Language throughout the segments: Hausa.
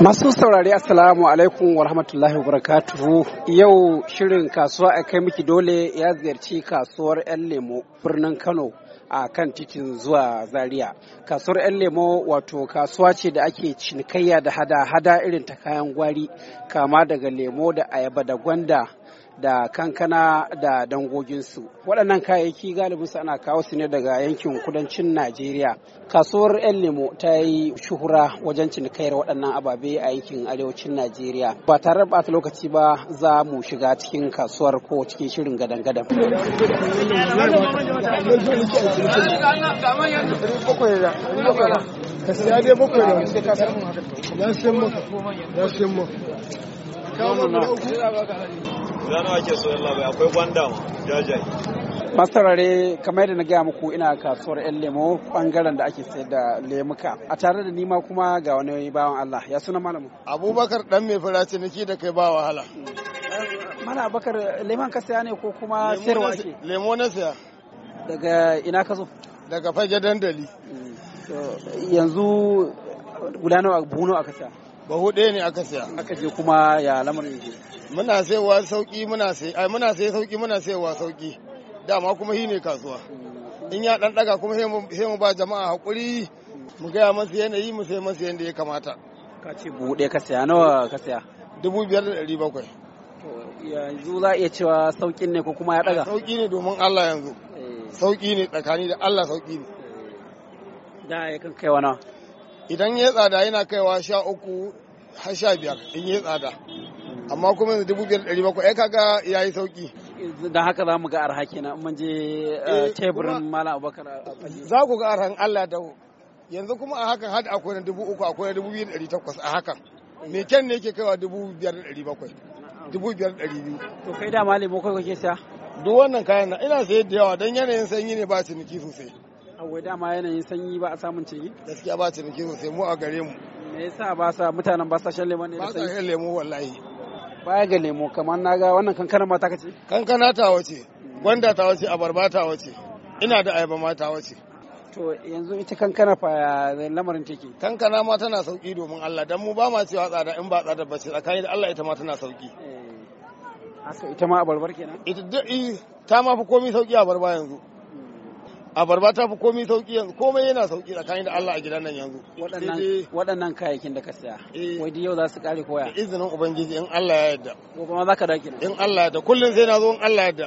Masu saurari Assalamu alaikum wa rahmatullahi wa Yau shirin kasuwa a kai miki dole ya ziyarci kasuwar 'yan lemo birnin Kano a kan titin zuwa Zaria. Kasuwar 'yan lemo wato kasuwa ce da ake cinikayya da hada-hada irin ta kayan gwari kama daga lemo da ayaba da gwanda da kankana da dangoginsu waɗannan kayayyaki galibin su ana kawo su ne daga yankin kudancin najeriya kasuwar yan lemo ta yi shuhura wajen cinikayar waɗannan ababe a yankin arewacin najeriya ba tare da ɓata lokaci ba za mu shiga cikin kasuwar ko cikin shirin gadan-gadan Rana ake so yalla bai akwai gwanda ma jajaye. masarare kamar yadda na gaya muku ina kasuwar 'yan lemo bangaren da ake sayar da lemuka a tare da nima kuma ga wani bawan Allah ya suna malamu abubakar dan mai fura ciniki da kai ba wahala mana abubakar leman ka saya ne ko kuma sayarwa ake lemo na saya daga ina ka zo daga fage dandali mm, yanzu gudanarwa buhuno aka saya bahu ɗaya ne aka siya aka je kuma ya lamarin muna saiwa sauki muna sai ai muna sai sauki muna saiwa sauki dama kuma shi ne kasuwa in ya dan daga kuma sai mu ba jama'a hakuri mu ga masu yanayi mu sai masu yanda ya kamata ka ce bu ɗaya ka siya nawa ka siya dubu biyar da ɗari bakwai yanzu za a iya cewa sauƙin ne ko kuma ya ɗaga sauƙi ne domin Allah yanzu eh. sauƙi ne tsakani da Allah sauƙi ne eh. da ya kan kai wani idan ya tsada yana kaiwa sha uku har sha biyar in ya tsada amma kuma yanzu dubu biyar ɗari bakwai ya kaga ya yi sauki eh, da haka za mu ga arha kenan in mun je eh, eh, teburin malam abubakar za ku ga arhan allah da yanzu kuma a hakan hada akwai na dubu uku akwai na dubu biyar ɗari takwas a hakan me kyan ne yake kaiwa dubu biyar ɗari bakwai dubu biyar ɗari biyu to kai da malami kai kake siya duk wannan kayan na ina sayar da yawa don yanayin sanyi ne ba ciniki sosai Awai dama yanayin sanyi ba a samun ciki. Gaskiya ba ciniki sosai mu a gare mu. Me yasa ba sa mutanen ba sa shan lemo ne da sanyi? Ba sa shan lemo wallahi. Baya ga lemo kamar na ga wannan kankana ma ta kace? Kankana ta wace, gwanda ta wace, abarba ta wace, ina da ayaba ma ta wace. To yanzu ita kankana fa lamarin take. Kankana ma tana sauki domin Allah dan mu ba ma cewa tsada in ba tsada bace tsakani da Allah ita ma tana sauki. Eh, Asa ita ma abarbar kenan? Ita eh, ta ma fi komai sauki abarba yanzu. abarba ta fi komai sauki yanzu komai yana sauki tsakanin da Allah a gidan nan yanzu waɗannan kayayyakin da ka saya eh. wai di yau za su kare koya izinin ubangiji in Allah ya yarda ko kuma zaka dake in Allah ya yarda kullun sai na zo in Allah ya yarda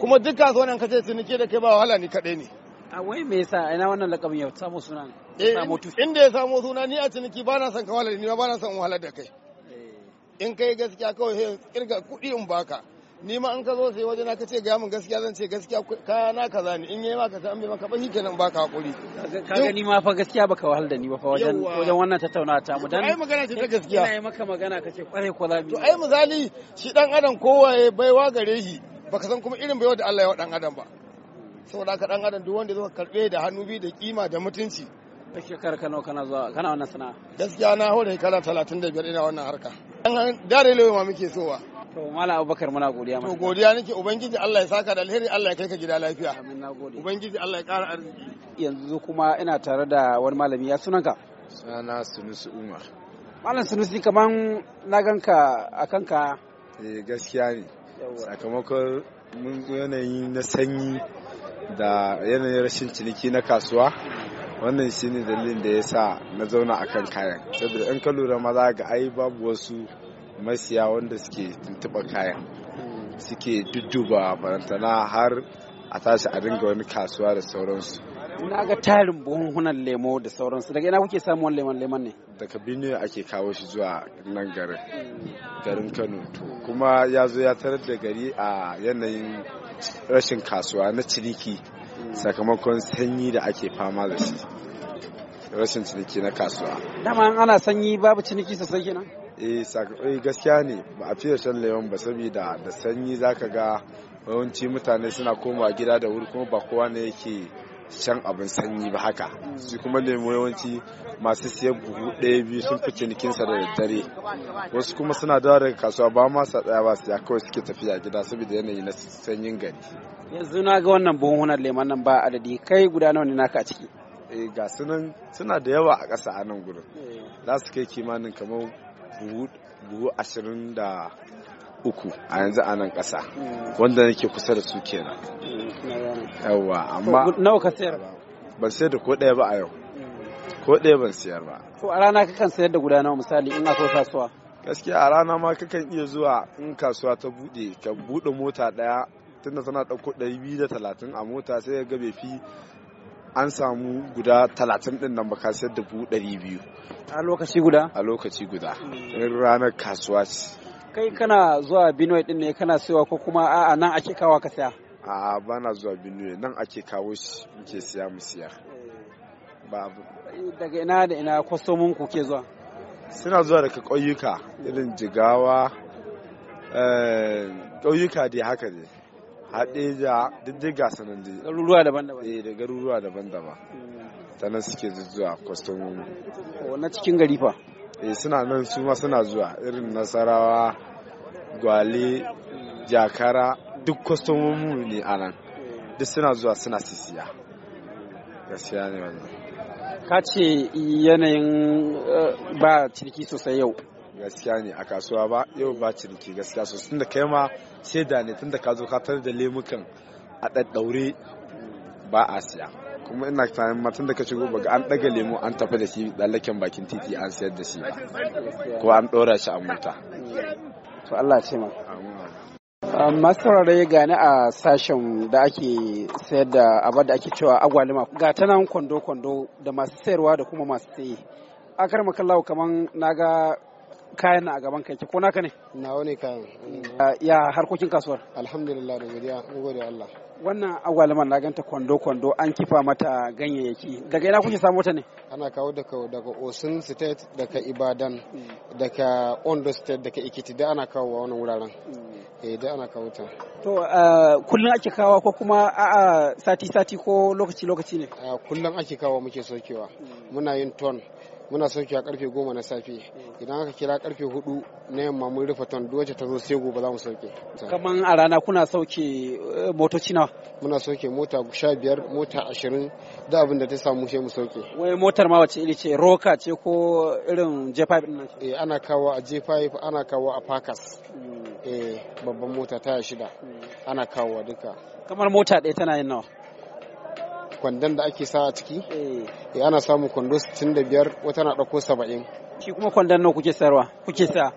kuma duk kasuwannin ka ce nike da kai ba wahala ni kaɗai ne a wai me yasa ina wannan lakabin ya samu suna ne eh, inda ya samu suna ni a ciniki ba na son ka wahala ni ba na son wahala da kai eh. in kai gaskiya kawai kirga kuɗi in baka ni ma an ka zo sai wajena ka ce ga mun gaskiya zan ce gaskiya ka na kaza ne in yayi maka ta an bai maka ba shikenan baka hakuri ga ni ma fa gaskiya baka wahal da ni ba fa wajen wajen wannan tattaunawa ta mu dan ai magana ce ta gaskiya ina yi maka magana kace kware ko zabi to ai misali shi dan adam kowaye baiwa gare shi baka san kuma irin baiwa da Allah ya wa dan adam ba saboda haka dan adam duk wanda zai karbe da hannu biyu da kima da mutunci a shekarar kano kana zuwa kana wannan sana'a gaskiya na hore kala 35 ina wannan harka dan dare lewe ma muke sowa To mala Abubakar muna godiya masa. To godiya nake Ubangiji Allah ya saka da alheri Allah ya kai ka gida lafiya. Amin na gode. Ubangiji Allah ya kara arziki. Yanzu kuma ina tare da wani malami ya sunanka. Sana Sunusi Umar. Malam Sunusi kaman na ganka a kanka. Eh gaskiya ne. Sakamakon mun yanayi na sanyi da yanayin rashin ciniki na kasuwa. wannan shine dalilin da ya sa na zauna a kan kayan saboda in ka lura maza ga ai babu wasu masiya wanda suke tuntuɓa kayan hmm. suke dudduba barantana har a tashi a dinga wani kasuwa da sauransu na ga tarin buhunhunan lemo da sauransu daga ina kuke samun lemon lemon ne daga Benue ake kawo shi zuwa nan garin hmm. garin Kano to kuma ya zo ya tarar da gari a yanayin rashin kasuwa na ciniki hmm. sakamakon sanyi da ake fama da shi rashin ciniki na kasuwa dama ana sanyi babu ciniki sosai kenan Eh, eh gaskiya ne ba a fiye shan lemon ba saboda da sanyi zaka ga yawanci mutane suna komawa gida da wuri kuma ba kowa ne yake shan abin sanyi ba haka su kuma lemo yawanci masu siyan buhu ɗaya biyu sun fi cinikinsa da daddare wasu kuma suna dawa daga kasuwa ba ma sa ba su ya kawai suke tafiya gida saboda yanayi na sanyin gari yanzu na ga wannan buhunan leman nan ba adadi kai guda nawa ne naka a ciki eh ga sunan suna da yawa a ƙasa a nan gurin eh. za su kai kimanin kamar buhu da uku a yanzu a nan ƙasa wanda nake kusa da su kenan yawa amma nawa ka sayar ba ban sayar da ko ɗaya ba a yau ko ɗaya ban sayar ba to a rana kakan sayar da guda nawa misali in akwai kasuwa gaskiya a rana ma kakan iya zuwa in kasuwa ta buɗe ka buɗe mota ɗaya tunda tana ɗauko ɗari biyu da talatin a mota sai ga bai fi an samu guda talatin din nan baka sayar da ɗari biyu a lokaci guda a lokaci guda eh. in ranar kasuwa ce kai kana zuwa Benue din ne kana sayowa ko kuma a'a nan ake kawo ka saya a'a ba na zuwa Benue nan ake kawo shi muke siya mu siya eh. babu daga ina da ina kwastomin ku ke zuwa suna zuwa daga ƙauyuka irin jigawa eh, ƙauyuka dai haka ne hadeja diddiga sanan da garuruwa daban-daban eh da garuruwa daban-daban ta nan suke zuwa kwastom na cikin gari fa eh suna nan su ma suna zuwa irin nasarawa gwale jakara duk kwastom mu ne a nan duk suna zuwa suna sisiya gaskiya ne wannan ka ce yanayin eh, ba ciniki sosai yau gaskiya ne a kasuwa ba yau ba ciniki gaskiya sosai tunda kai ma da ne tunda ka zo ka tare da lemukan a ɗaɗɗaure ba a siya kuma ina tunanin matan da ka shigo baga an ɗaga lemu an tafi da shi tsallaken bakin titi an sayar da shi ba ko an ɗora shi a mota to Allah ce ma ah, masu rarrai gani a sashen da ake sayar da abar da ake cewa agwalima ga ta nan kwando-kwando da masu sayarwa da kuma masu saye akar kamar kaman ga. kayan na a gaban kai ko naka ne nawa ne kayan ya harkokin kasuwar alhamdulillah da godiya gode Allah wannan agwaliman na ganta kwando kwando an kifa mata ganyayyaki daga ina kuke samu ta ne ana kawo daga daga Osun state daga Ibadan daga Ondo state daga Ekiti da ana kawo wannan wuraren hmm. eh da ana kawo ta to eh, kullun ake kawo ko kuma a'a sati sati ko lokaci lokaci ne eh, kullun ake kawo muke sokewa hmm. muna yin ton muna sauki a karfe goma na safe idan aka kira karfe hudu na yamma mun rufe ton wacce ta zo sai gobe za mu sauke kaman a rana kuna sauke eh, motoci nawa muna sauke mota sha biyar mota ashirin da abin da ta samu sai mu sauke wai motar ma wace iri ce roka ce ko irin j5 din nan eh ana kawo a j5 ana kawo a pakas hmm. eh babban mota taya shida hmm. ana kawo duka kamar mota ɗaya tana yin nawa kwandon da ake sa a ciki ya eh. eh, ana samun kwando 65 wata na ɗauko 70 shi kuma kwandon nawa kuke sayarwa kuke sa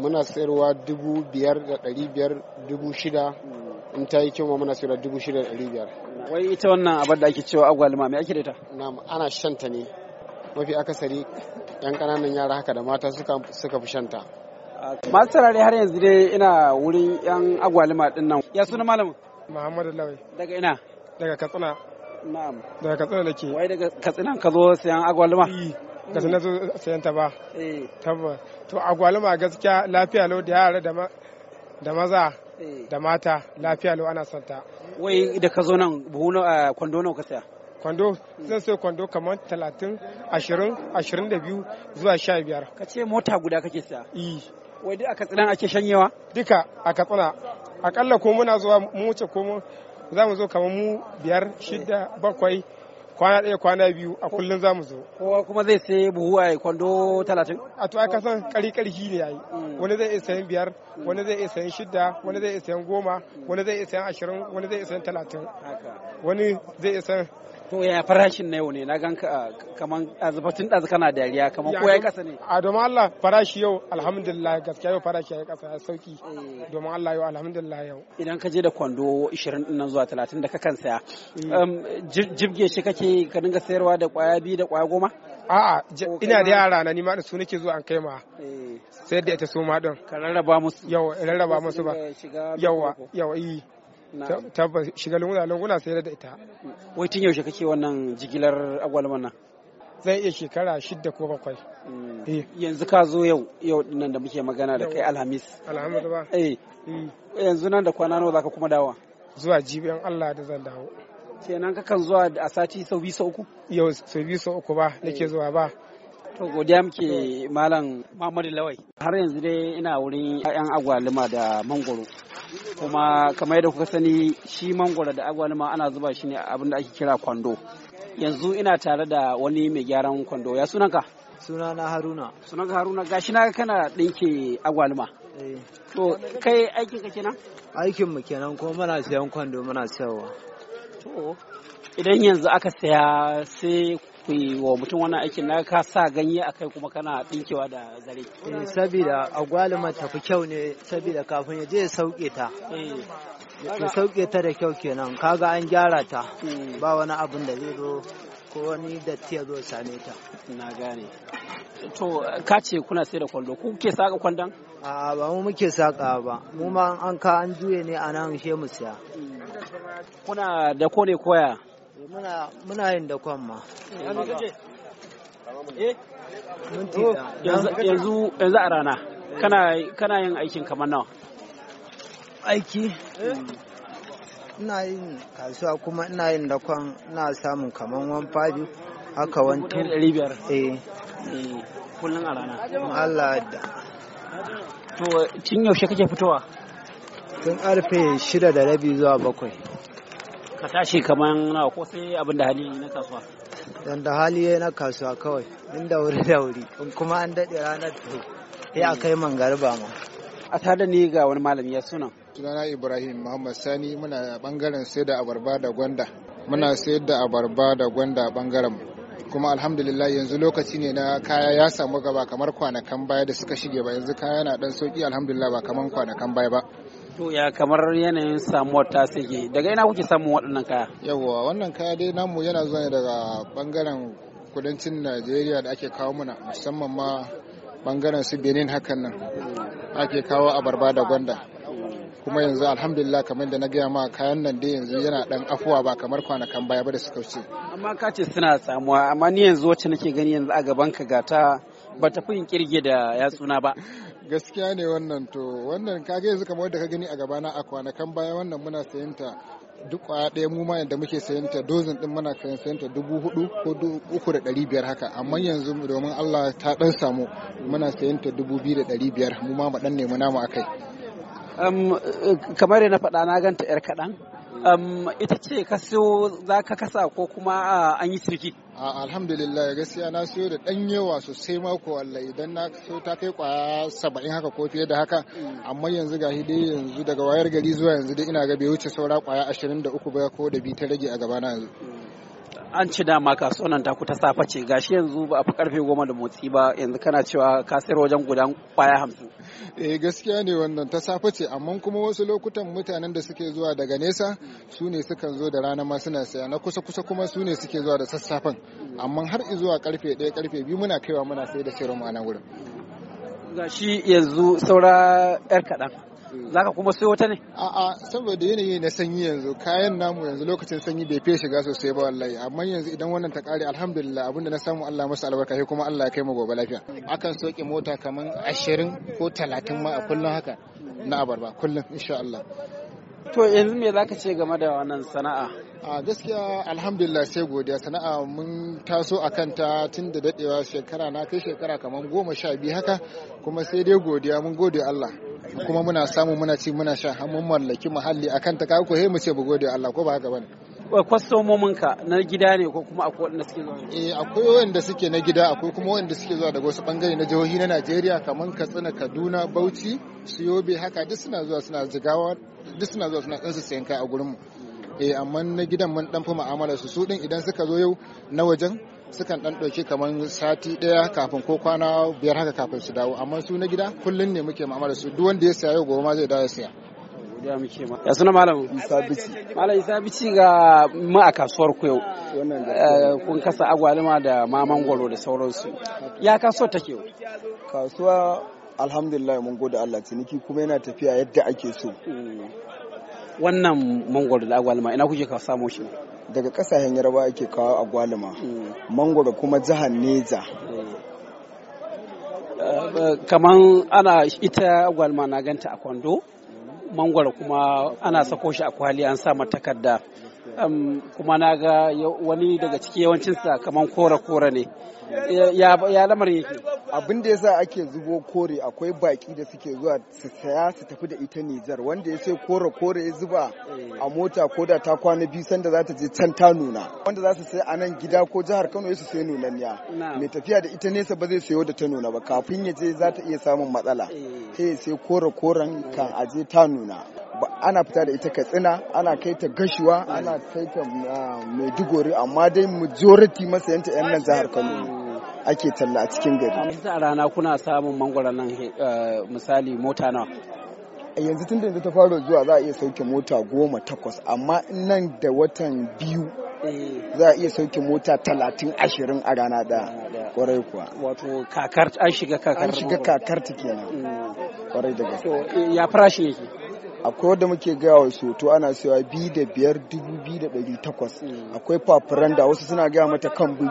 muna sayarwa dubu biyar da biyar dubu shida hmm. in ta yi kyau muna sayarwa dubu shida da biyar wai ita wannan abar da ake cewa agwaluma me ake da ta na'am ana shanta ne mafi akasari yan ƙananan yara haka da mata suka fi shanta masu sarari har yanzu dai ina wurin yan agwaluma din nan ya suna malamin muhammadu lawai daga ina daga katsina na'am daga katsina ke. wai daga Katsina ka zo sayan agwaluma eh, Ka zo sayan ta ba eh. tabbas to agwaluma gaskiya lafiya lau da yara da maza eh. da mata lafiya lau ana son ta wai da ka zo nan buhu na kwando nawa ka saya kwando zan sai kwando kamar talatin ashirin ashirin da biyu zuwa sha biyar ka ce mota guda kake saya wai duk a Katsina ake shanyewa duka a katsina akalla ko muna zuwa mu wuce ko za mu zo kamar mu biyar shidda bakwai kwana ɗaya kwana biyu a kullum za mu zo kowa kuma zai sai buhu a kwando talatin a to aka san kari karhi ne yayi mm. wani zai iya sayan biyar mm. wani zai iya sayan shidda wani zai iya sayan goma mm. wani zai iya sayan ashirin wani zai iya sayan talatin wani zai iya sayan To ya farashin na yau ne na gan ka kaman azubatun ɗazu kana dariya kaman ko ya kasa ne. A domin Allah farashi yau alhamdulillah gaskiya yau farashi ya kasa ya sauki eh. domin Allah yau alhamdulillah yau. Idan ka je da kwando 20 din nan zuwa 30 da ka kan saya. Mm. Um, jibge shi kake ka dinga sayarwa da kwaya biyu da kwaya goma? A'a ina da yara na nima da su nake zuwa an kai ma. Eh. Sayar da ita su ma din. Ka rarraba musu. yau rarraba musu ba. Yawa yawa yi. tabbas shiga lunguna lunguna sai da ita wai tun yaushe kake wannan jigilar agwalman nan zai iya shekara shidda ko bakwai mm. eh. yanzu ka zo yau yau nan da muke magana da kai alhamis alhamis ba eh. mm. yanzu nan da kwana nawa zaka kuma dawa zuwa jibiyan Allah da zan dawo kenan kakan zuwa a sati sau biyu sau uku yau sau biyu sau uku ba nake eh. zuwa ba To godiya muke Malam Muhammadu Lawai. Har yanzu dai ina wurin 'ya'yan agwaluma da mangoro. Kuma kamar yadda kuka sani shi mangoro da agwaluma ana zuba shi ne abin da ake kira kwando. Yanzu ina tare da wani mai gyaran kwando. Ya sunanka? Sunana Haruna. Sunanka Haruna gashi na kana ɗinke agwaluma. Eh. To kai aikin ka kenan? Aikin mu kenan kuma muna siyan kwando muna sayarwa. To idan yanzu aka saya sai ku wa mutum wannan aikin na ka sa ganye a kai kuma kana tsinkewa da zare. Eh, sabida agwaluma tafi kyau ne saboda kafin ya je ya sauke ta. Eh. Ya sauke ta da kyau kenan kaga an gyara ta hmm. ba wani abin da zai zo ko wani datti ya zo same ta. Na gane. To ka ce kuna sai da kwando ku ke saka kwandon? A ba mu muke saka ba mu ma an ka an juye ne a nan shemu mu siya. Hmm. Kuna da ko ne koya? muna yin eh, eh? oh, da kwamma ma yanzu a rana kana yin aikin kamar nawa aiki eh? hmm. ina yin kasuwa kuma ina yin da kwan na samun kamar 1.5 haka wani 1.5 eh kullum a rana Allah da to tun yaushe kake fitowa tun arfe shida da rabi zuwa bakwai ka tashi kamar nawa ko sai abin da hali na kasuwa don da hali na kasuwa kawai inda wuri da wuri kuma an daɗe ranar to Ya a kai garba ma a tada ni ga wani malami ya suna sunana ibrahim muhammad sani muna bangaren sai da abarba da gwanda muna sayar da abarba da gwanda a bangaren mu kuma alhamdulillah yanzu lokaci ne na kaya ya samu gaba kamar kwanakan baya da suka shige ba yanzu kaya na dan sauki alhamdulillah ba kamar kwanakan baya ba To ya kamar yanayin samuwar ta suke daga ina kuke samun waɗannan kaya? Yawwa wannan kaya dai namu yana zuwa ne daga bangaren kudancin Najeriya da ake kawo mana musamman ma bangaren su Benin hakan nan ake kawo abarba da gwanda. kuma yanzu alhamdulillah kamar da na gaya ma kayan nan dai yanzu yana dan afuwa ba kamar kwanakan baya ba da suka wuce amma ka ce suna samuwa amma ni yanzu wacce nake gani yanzu a gaban ka gata ba ta fi kirge da yatsuna ba gaskiya ne wannan to wannan kage yanzu kamar da ka gani a gabana a kwanakan baya wannan muna sayan ta duk kwaya ɗaya mu ma yadda muke sayan ta dozin din muna kayan sayanta ta dubu hudu ko uku da ɗari biyar haka amma yanzu domin Allah ta ɗan samu muna sayan ta dubu biyu da ɗari biyar mu ma mu ɗan nemi namu akai. Eh, kamar na faɗa na ganta 'yar kaɗan ita ce ka siyo za ka kasa ko kuma an yi sirki alhamdulillah gaskiya na siyo da ɗan yawa sosai mako wallah idan na so ta kai kwaya saba'in haka ko fiye da haka mm. amma yanzu ga dai yanzu daga wayar gari zuwa yanzu dai ina ga bai wuce saura kwaya ashirin da uku ba ko da bi ta rage a gaba na yanzu mm. an ci dama kasuwan nan ku ta safa ce gashi yanzu ba a fi karfe goma da motsi ba yanzu kana cewa ka sayar wajen gudan kwaya hamsin. Eh gaskiya ne wannan ta safa ce amma kuma wasu lokutan mutanen da suke zuwa daga nesa su ne sukan zo da rana ma suna saya na kusa kusa kuma su ne suke zuwa da sassafen amma har zuwa karfe ɗaya karfe biyu muna kaiwa muna sai da sayarwa ma nan wurin. Gashi yanzu saura 'yar kaɗan. zaka kuma sai wata ne a'a saboda yanayi na sanyi yanzu kayan namu yanzu lokacin sanyi bai fiye shiga sosai ba wallahi amma yanzu idan wannan ta kare alhamdulillah abinda na samu Allah masa albarka sai kuma Allah ya kai mu gobe lafiya akan soke mota kaman 20 ko 30 ma a kullun haka na abarba kullun insha Allah to yanzu me zaka ce game da wannan sana'a a gaskiya alhamdulillah sai godiya sana'a mun taso a kanta tun da dadewa shekara na kai shekara kamar goma sha biyu haka kuma sai dai godiya mun gode Allah kuma muna samu muna ci muna sha har mun mallaki muhalli akan ta ko he mu ce bu gode Allah ko ba haka bane ka na gida ne ko kuma akwai wanda suke zuwa eh akwai wanda suke na gida akwai kuma wanda suke zuwa daga wasu bangare na jihohi na Najeriya kamar Katsina Kaduna Bauchi su Yobe haka duk suna zuwa suna jigawa duk suna zuwa suna kansu sayan kai a gurin mu eh amma na gidan mun dan fi mu'amala su su din idan suka zo yau na wajen sukan dan ɗauki kamar sati ɗaya kafin ko kwana biyar haka kafin su dawo amma su na gida kullum ne muke ma'amala su duk wanda ya saya yau gobe ma zai dawo ya saya ya suna malam isa bici malam isa bici ga ma a kasuwar ku yau eh, kun kasa agwaluma da ma mangwaro da sauransu ya kasuwar take yau kasuwa alhamdulillah mun gode Allah ciniki kuma yana tafiya yadda ake so hmm. wannan mangwaro da agwaluma ina kuke ka samu shi daga kasashen yarba ake kawo agwaluma mangoro kuma jihar neja kaman ana ita agwaluma na ganta a kwando mangoro kuma ana sako shi a kwali an sa takarda kuma na ga wani daga ciki yawancinsa kaman kora-kora ne ya lamar yake abin da yasa ake zubo kore akwai baki da suke zuwa su saya su tafi da ita Nijar wanda ya sai kore kore ya zuba eh. a mota ko da ta kwana biyu sanda za ta je can ta nuna wanda za su sai a nan gida ko jihar Kano ya su sai nunanniya mai tafiya da ita nesa ba zai sayo da ta nuna ba kafin ya je za ta iya samun matsala eh. sai sai kore koren kan je ta nuna ana fita da ita katsina ana kai ta gashiwa ana eh. kai ta ah, maiduguri amma dai majority masayanta 'yan nan jihar kano ake talla a cikin gari. Yanzu a rana kuna samun mangwara nan eh, misali mota nawa. Yanzu tun da yanzu ta fara zuwa za a iya sauke mota goma takwas amma nan da watan biyu eh. za a iya sauke mota talatin ashirin a rana daya kwarai kuwa. Wato kakar an shiga kakar. An shiga kakar ta kenan. Mm. Kwarai da gaske. Eh, ya farashi yake. akwai wadda muke gaya wa soto ana sayawa biyu da biyar dubu biyu da ɗari takwas mm. akwai fafuran da wasu suna gaya mata kan buri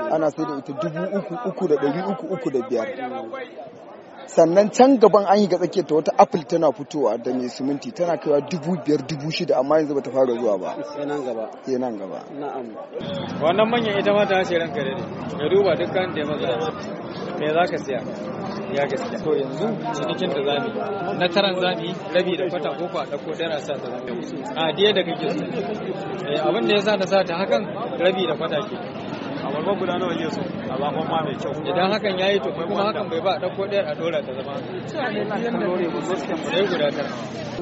ana sai da ita dubu uku uku da ɗari uku uku da biyar sannan can gaban an yi ga tsakiyar ta wata apple tana fitowa da mai siminti tana kaiwa dubu biyar dubu shida amma yanzu bata fara zuwa ba sai nan gaba sai nan gaba na'am wannan manyan ita ma ta ce ranka da ka duba dukkan da ya maza me za ka siya ya gaskiya to yanzu cinikin da zami na taran zami rabi da kwata ko kwa dauko dara sa ta zami a diya da kake so eh, abin da yasa na sa ta hakan rabi da kwata ke akwai guda nawa yeso a bakon ma mai kyau idan hakan yayi to kuma hakan bai ba dauko ɗayar a dora ta zama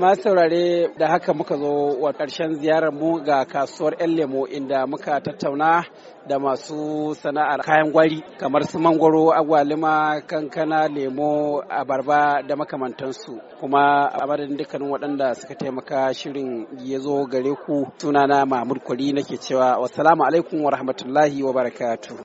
ma saurare da haka muka zo wa ƙarshen ziyarar mu ga kasuwar 'yan lemo inda muka tattauna da masu sana'ar kayan gwari kamar su mangoro, agwalima kankana lemo abarba da makamantansu kuma a madadin dukkanin waɗanda suka taimaka shirin ya zo gare ku sunana mahmud kwari nake cewa wassalamu alaikum wa rahmatullahi wa barakatu